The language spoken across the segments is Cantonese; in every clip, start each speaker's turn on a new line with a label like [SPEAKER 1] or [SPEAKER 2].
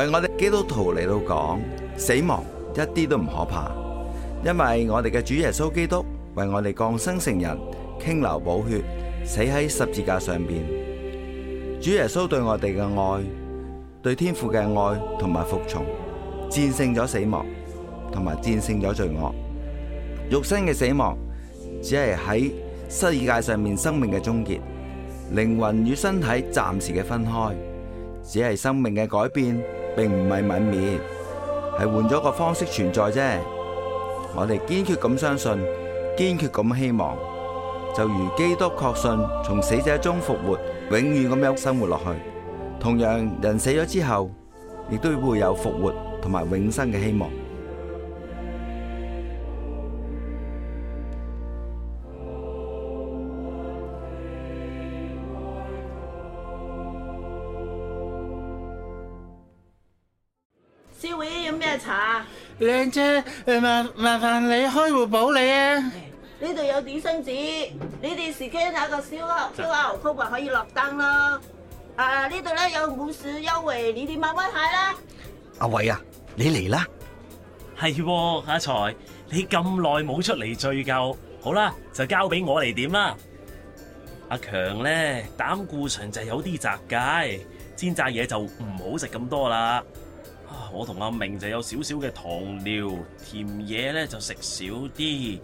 [SPEAKER 1] 為我哋基督徒嚟到講，死亡一啲都唔可怕，因為我哋嘅主耶穌基督為我哋降生成人，傾流寶血，死喺十字架上邊。主耶穌對我哋嘅愛，對天父嘅愛同埋服從，戰勝咗死亡，同埋戰勝咗罪惡。肉身嘅死亡，只係喺世界上面生命嘅終結，靈魂與身體暫時嘅分開，只係生命嘅改變。並唔係泯滅，係換咗個方式存在啫。我哋堅決咁相信，堅決咁希望，就如基督確信從死者中復活，永遠咁樣生活落去。同樣，人死咗之後，亦都會有復活同埋永生嘅希望。
[SPEAKER 2] 靚姐，誒，麻，麻煩你開壺普洱啊！
[SPEAKER 3] 呢度有點心紙，你哋自己睇個燒烤燒烤牛曲啊，可以落單咯。啊，呢度咧有午市優惠，你哋慢慢睇啦。
[SPEAKER 1] 阿偉啊，你嚟
[SPEAKER 4] 啦！係阿財，你咁耐冇出嚟敍舊，好啦，就交俾我嚟點啦。阿強咧，膽固醇就有啲雜介，煎炸嘢就唔好食咁多啦。我同阿明就有少少嘅糖尿，甜嘢咧就食少啲。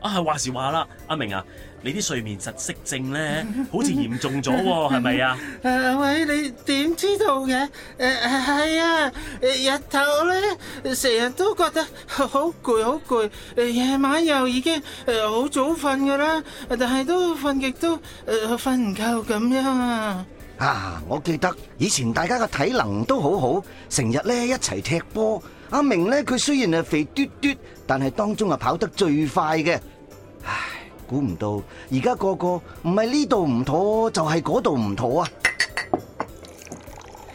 [SPEAKER 4] 啊，話時話啦，阿明啊，你啲睡眠窒息症咧好似嚴重咗喎，係咪啊？
[SPEAKER 2] 誒，喂，你點知道嘅？誒、啊，係啊，日頭咧成日都覺得好攰，好攰，夜晚又已經誒好早瞓噶啦，但係都瞓極都誒瞓唔夠咁樣啊。
[SPEAKER 1] 啊！我記得以前大家嘅體能都好好，成日咧一齊踢波。阿明咧佢雖然係肥嘟嘟，但係當中啊跑得最快嘅。唉，估唔到而家個個唔係呢度唔妥，就係嗰度唔妥啊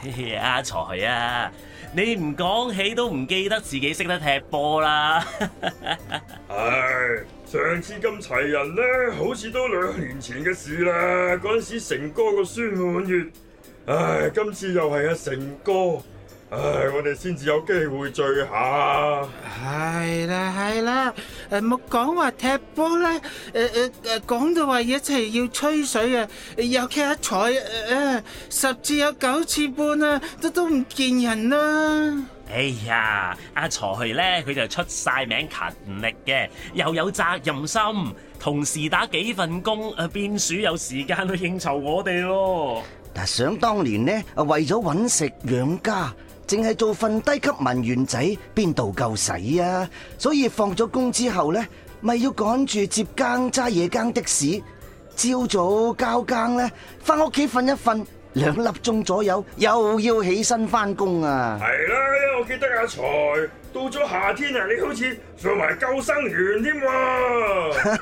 [SPEAKER 4] 嘿！阿財啊，你唔講起都唔記得自己識得踢波啦。
[SPEAKER 3] 係。 上次咁齊人咧，好似都兩年前嘅事啦。嗰陣時誠哥個孫滿月，唉，今次又係阿誠哥，唉，我哋先至有機會聚下。
[SPEAKER 2] 係啦係啦，誒，冇講話踢波啦，誒誒誒，講、呃、到話一齊要吹水啊，又踢一彩，誒、呃、誒，十次有九次半啊，都都唔見人啦。
[SPEAKER 4] 哎呀，阿財呢，佢就出晒名勤力嘅，又有責任心，同時打幾份工，邊處有時間去應酬我哋咯。
[SPEAKER 1] 但係想當年呢，為咗搵食養家，淨係做份低級文員仔，邊度夠使啊？所以放咗工之後呢，咪要趕住接更，揸夜更的士，朝早交更呢，返屋企瞓一瞓。兩粒鐘左右又要起身翻工啊！
[SPEAKER 3] 係啦、啊，我記得阿、啊、財到咗夏天啊，你好似上埋救生員添喎。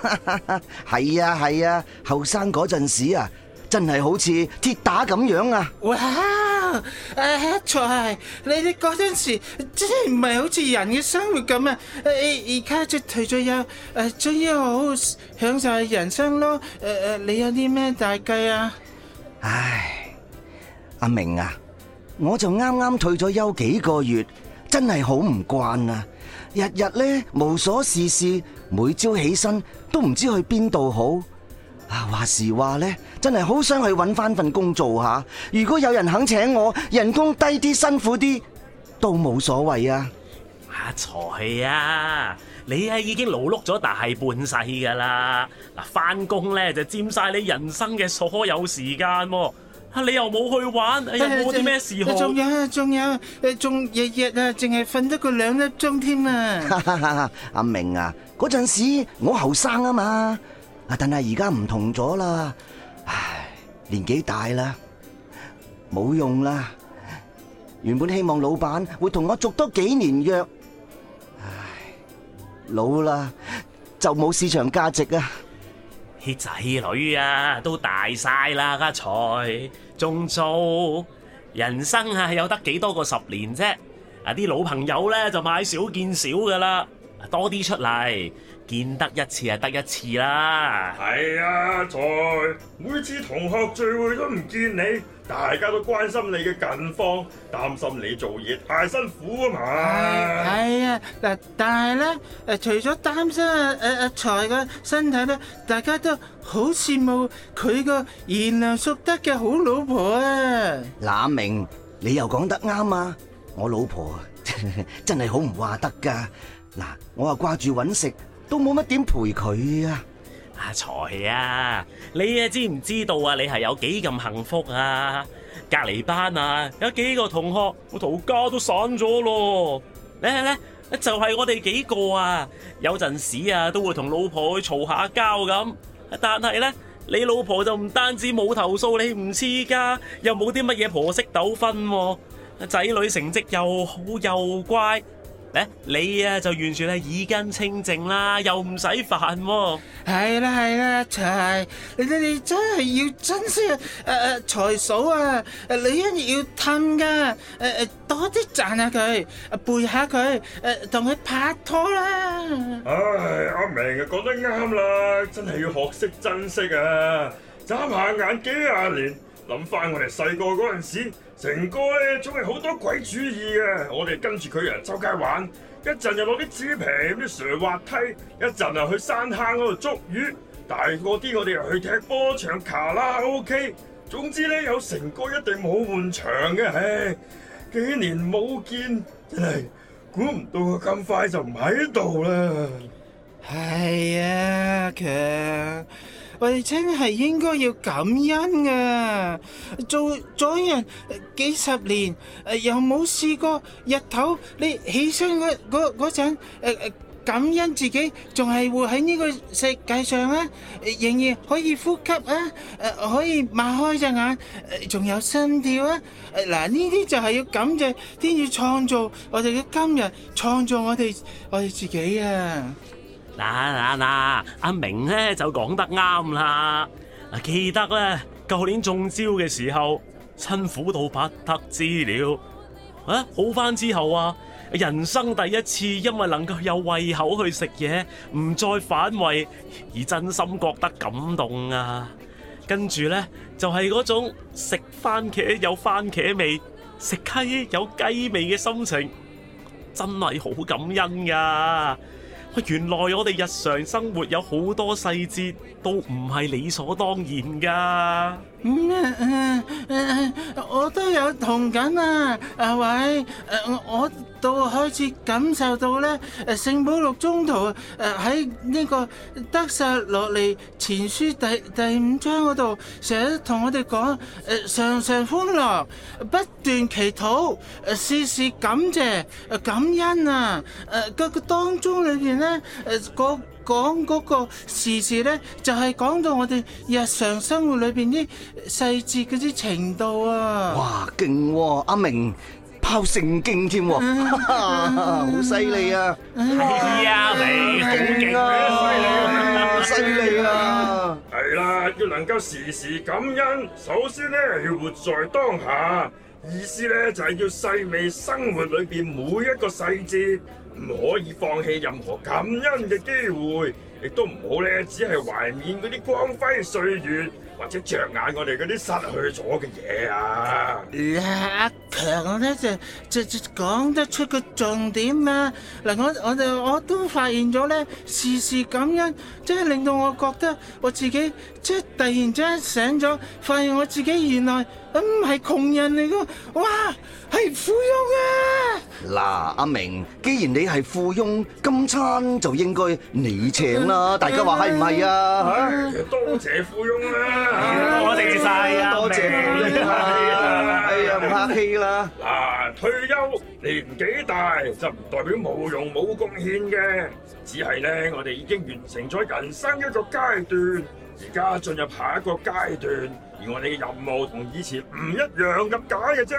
[SPEAKER 1] 係啊，係啊，後生嗰陣時啊，啊的時真係好似鐵打咁樣啊！
[SPEAKER 2] 哇，阿、啊、財，你哋嗰陣時真係唔係好似人嘅生活咁啊！而家就退咗休，誒，終於好享受人生咯。誒、啊、誒，你有啲咩大計啊？唉。
[SPEAKER 1] 阿明啊，我就啱啱退咗休幾個月，真係好唔慣啊！日日咧無所事事，每朝起身都唔知去邊度好。啊話時話咧，真係好想去揾翻份工做下。如果有人肯請我，人工低啲，辛苦啲都冇所謂啊！
[SPEAKER 4] 阿財啊，啊，你啊已經勞碌咗大半世噶啦，嗱翻工咧就佔晒你人生嘅所有時間啊。你又
[SPEAKER 1] 冇去玩，又冇啲咩嗜好。仲
[SPEAKER 2] 有，仲有，有，有，仲日日啊，淨係瞓得個兩粒鐘添啊！
[SPEAKER 1] 阿、 啊、明啊，
[SPEAKER 2] 嗰陣時我後生啊嘛，
[SPEAKER 1] 但係而家唔同咗啦，唉，年紀大啦，冇用啦。原本希望老闆會同我續多幾年約，唉，老啦就冇市場價值啊！
[SPEAKER 4] 啲仔女啊，都大晒啦，家、啊、財仲做人生啊，有得幾多個十年啫？啊，啲老朋友呢，就買少見少噶啦，多啲出嚟。見得一次啊，得一次啦。
[SPEAKER 3] 係啊，財，每次同學聚會都唔見你，大家都關心你嘅近況，擔心你做嘢太
[SPEAKER 2] 辛苦啊嘛。係啊嗱，但係咧誒，除咗擔心阿阿財嘅身體咧，大家都好羨慕佢個賢良淑德嘅好老婆啊。嗱、啊、明，你又講得啱啊！我老婆呵呵真係
[SPEAKER 1] 好唔話得噶嗱、啊，我又掛住搵食。都冇乜點陪佢啊！
[SPEAKER 4] 阿財啊，啊，你啊知唔知道啊？你係有幾咁幸福啊？隔離班啊，有幾個同學妻離子都散咗咯。你嚟嚟，就係我哋幾個啊！有陣時啊，都會同老婆嘈下交咁。但係咧，你老婆就唔單止冇投訴你唔黐家，又冇啲乜嘢婆媳糾紛。仔女成績又好又乖。你啊就完全係耳根清淨啦，又唔使煩。
[SPEAKER 2] 係啦係啦，財、啊，你你真係要珍惜誒、啊、誒，財、啊、嫂啊，你、啊啊、一日要氹㗎，誒誒多啲讚下佢，背下佢，誒同佢拍拖啦。唉，
[SPEAKER 3] 阿明講、啊、得啱啦，真係要學識珍惜啊！眨下眼幾廿年，諗返我哋細個嗰陣時。誠哥咧，總係好多鬼主意啊。我哋跟住佢人周街玩，一陣又攞啲紙皮咁啲上滑梯，一陣又去山坑嗰度捉魚，大個啲我哋又去踢波場、唱卡拉 OK，總之咧有誠哥一定冇悶場嘅，唉，幾年冇見，真係，估唔
[SPEAKER 2] 到佢咁快就唔喺度啦。係啊，強。或者我哋真係應該要感恩嘅，做咗人幾十年，又冇試過日頭你起身嗰嗰嗰陣，誒誒感恩自己，仲係會喺呢個世界上啊，仍然可以呼吸啊，誒可以擘開隻眼，誒仲有心跳啊，嗱呢啲就係要感謝天主創造我哋嘅今日，創造我哋我哋自己啊。
[SPEAKER 4] 嗱嗱嗱！阿、啊啊、明咧，就講得啱啦、啊。記得咧，舊年中招嘅時候，辛苦到不得知了。啊，好返之後啊，人生第一次因為能夠有胃口去食嘢，唔再反胃，而真心覺得感動啊。跟住咧，就係、是、嗰種食番茄有番茄味、食雞有雞味嘅心情，真係好感恩噶、啊。原來我哋日常生活有好多細節都唔係理所當然㗎。
[SPEAKER 2] 嗯，嗯，嗯我都有同感啊！阿、啊、偉，誒我，我到開始感受到咧，聖保祿宗徒誒喺呢個得撒洛尼前書第第五章嗰度，成日同我哋講誒常常歡樂，不斷祈禱，事、啊、事感謝、啊，感恩啊！誒、啊、個、啊、當中裏邊咧誒講嗰個事事咧，就係講到我哋日常生活裏邊啲細節嗰啲程度啊！哇，勁喎，阿明拋聖經添，好
[SPEAKER 1] 犀利啊！係啊，你好勁啊，好犀利啊！
[SPEAKER 3] 係啦，要能夠時時感恩，首先咧要活在當下，意思咧就係要細味生活裏邊每一個細節。唔可以放棄任何感恩嘅機會，亦都唔好咧，只係懷念嗰啲光輝歲月，或者着眼我哋嗰啲失去咗嘅嘢啊！
[SPEAKER 2] 啊，阿強我咧就就就講得出個重點啊。嗱，我我我我都發現咗咧，事事感恩，即係令到我覺得我自己，即係突然之間醒咗，發現我自己原來。唔係、嗯、窮人嚟噶，哇，係富翁啊！
[SPEAKER 1] 嗱、啊，阿明，既然你係富翁，今餐就應該你請啦，哎、大家話係唔係啊？哎、啊
[SPEAKER 3] 多謝富翁啦，多謝晒啊，啊多謝哎啊，唔客氣啦，嗱，退休。年紀大就唔代表冇用冇貢獻嘅，只係咧，我哋已經完成咗人生一個階段，而家進入下一個階段，而我哋嘅任務同以前唔一樣，咁解嘅啫。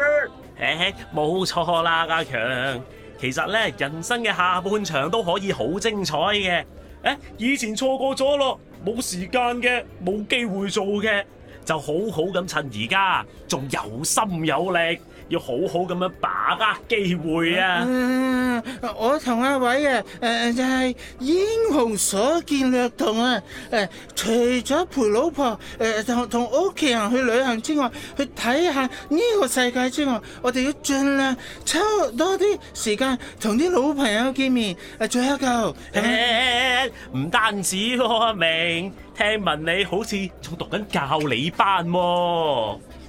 [SPEAKER 4] 誒，冇錯啦，家強，其實咧，人生嘅下半場都可以好精彩嘅。誒、欸，以前錯過咗咯，冇時間嘅，冇機會做嘅，就好好咁趁而家仲有心有力。要好好咁樣把握機會啊，
[SPEAKER 2] 啊！我同阿偉啊，誒、啊、就係、是、英雄所見略同啊！誒，除咗陪老婆，誒同同屋企人去旅行之外，去睇下呢個世界之外，我哋要盡量抽多啲時間同啲老朋友見面，聚、啊、一舊。
[SPEAKER 4] 唔、嗯欸、單止喎、啊，明，聽聞你好似仲讀緊教理班喎、啊。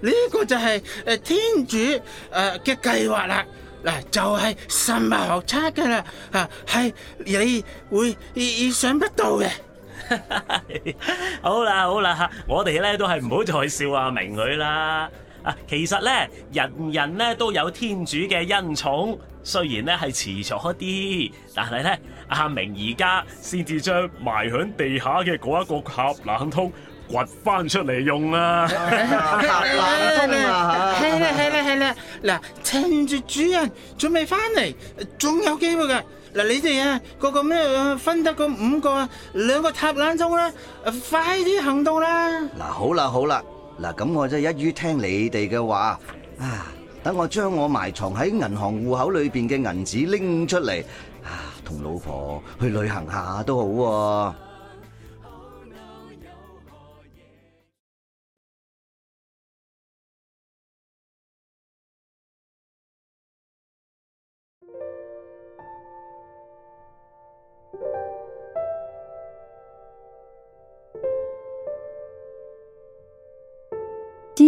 [SPEAKER 2] 呢個就係、是、誒、呃、天主誒嘅計劃啦，嗱、呃呃、就係、是、神學出嘅啦，嚇、啊、係你會意，意想不到嘅
[SPEAKER 4] 好啦好啦嚇，我哋咧都係唔好再笑阿明佢啦、啊。其實咧人人咧都有天主嘅恩寵，雖然咧係遲咗一啲，但係咧阿明而家先至將埋響地下嘅嗰一個盒冷通。掘翻出嚟用啊！
[SPEAKER 1] 塔
[SPEAKER 4] 冷
[SPEAKER 2] 通啊！係啦係啦係啦！嗱，趁住主人準備翻嚟，仲有機會㗎！嗱，你哋啊，個個咩分得個五個兩個塔冷通咧，快啲行動啦！嗱，
[SPEAKER 1] 好啦好啦，嗱咁我就一於聽你哋嘅話啊！等我將我埋藏喺銀行戶口裏邊嘅銀紙拎出嚟啊，
[SPEAKER 5] 同老婆去旅行下都好喎！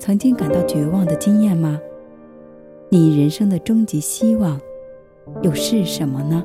[SPEAKER 5] 曾經感到絕望的經驗嗎？你人生的終極希望又是什麼呢？